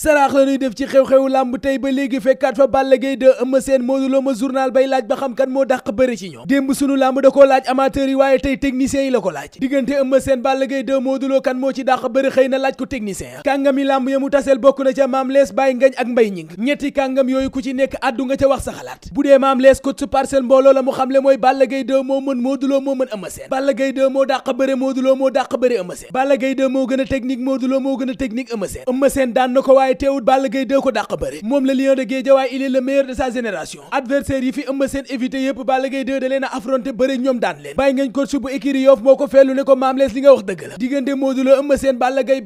saraax la ñuy def ci xew xew làmb tey ba léegi fekkaat fa Balla Gaye 2 Eumeu Sène Modou Lo ma journal bay laaj ba xam kan moo dàq bëre ci ñoom démb sunu làmb da ko laaj amateur yi waaye tey techniciens yi la ko laaj diggante Eumeu Sène Balla Gaye 2 Modou Lo kan moo ci dàq bëre xëy na laaj ko technicien kàngami làmb ya mu taseel bokk na ca maam lees bàyyi ngañ ak mbay ñing ñetti kàngam yooyu ku ci nekk addu nga ca wax sa xalaat bu dee maam lees kot su la mu xamle mooy Balla Gaye 2 moo mën Modou moo mën Eumeu Sène Balla Gaye moo dàq moo dàq bëre Eumeu moo gën a technique Modou moo gën a technique Eumeu Sène Eumeu waaye teewut Balla Gaye 2 ko dàq bëre moom la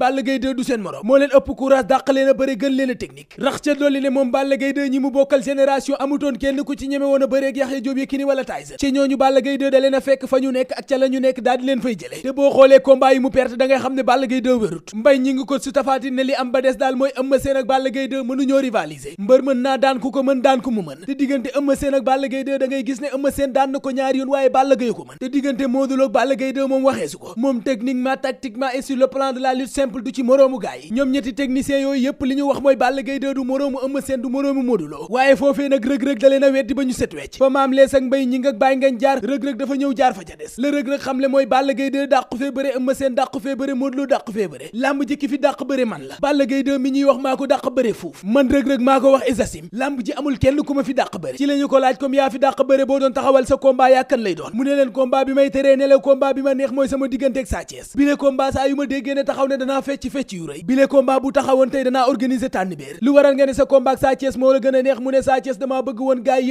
leen ëpp courage dàq leen bëre gën leen technique rax ca dolli ne moom Balla Gaye 2 ñi mu bokkal génération amutoon kenn ku ci ñeme woon bëre ak Yaxya Jóob Yékini wala Tyson ci ñooñu Balla Gaye 2 da leen fekk fa ñu nekk ak ca la nekk daal di leen fay jële te boo xoolee combat yi mu perte da xam ne Balla Gaye 2 wérut mbay ñi ngi ko su tafaati ne li am ba des daal mooy Eumeu Eumeu Sène ak Balla Gaye 2 mënuñoo rivaliser mbër mën naa daan ku ko mën daan ku mu mën te diggante Eumeu Sène ak Balla Gaye 2 da ngay gis ne Eumeu Sène daan na ko ñaari yoon waaye Balla Gaye ko mën te diggante Modou Lo ak Balla Gaye 2 moom waxeesu ko moom techniquement tactiquement et sur le plan de la lutte simple du ci moroomu gaay yi ñoom ñetti techniciens yooyu yépp li ñu wax mooy Balla Gaye 2 du moroomu Eumeu Sène du moroomu Modou Lo waaye foofee nag rëg-rëg da leen a weddi ba ñu set wecc fa maam lees ak mbay ñi nga bàyyi ngañ jaar rëg-rëg dafa ñëw jaar fa ca des la rëg-rëg xam le mooy Balla Gaye 2 dàqu fee bëre Eumeu Sène dàqu fee bëre Modou Lo dàqu fee bëre lamb ji ki fi dàq bëre man la Balla Gaye 2 mi ñuy wax wax maa ko dàq bëre foofu man rëg-rëg maa ko wax isasim lamb ji amul kenn ku ma fi dàq bëre ci la ko laaj comme yaa fi dàq bëre boo doon taxawal sa combat yaa lay doon mu ne leen combat bi may teree ne la bi ma neex mooy sama diggante ak Sa bile combat saa yu déggee ne taxaw ne danaa fecc fecc yu rëy bile combat bu taxawoon tey danaa organiser tànn béer lu waral nga ne sa combat ak Sa moo la gën a neex mu ne Sa Thiès bëgg woon gaay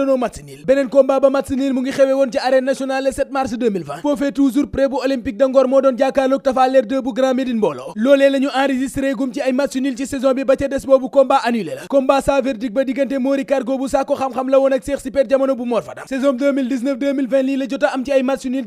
danoo match nul beneen combat ba match nul mu ngi xewee woon ci arène nationale le 7 mars 2020 foofee bu olympique de moo doon jàkkaarloog Tafaleer 2 bu Grand Médine mbooloo loolee la ñu ci ay match nul ci saison bi ba ca des boobu combat annulé la combat sans verdict ba diggante Mori Cargo bu saako xam-xam la woon ak Cheikh Super jamono bu Mor Fadam saison 2019 2020 lii la jot am ci ay match nul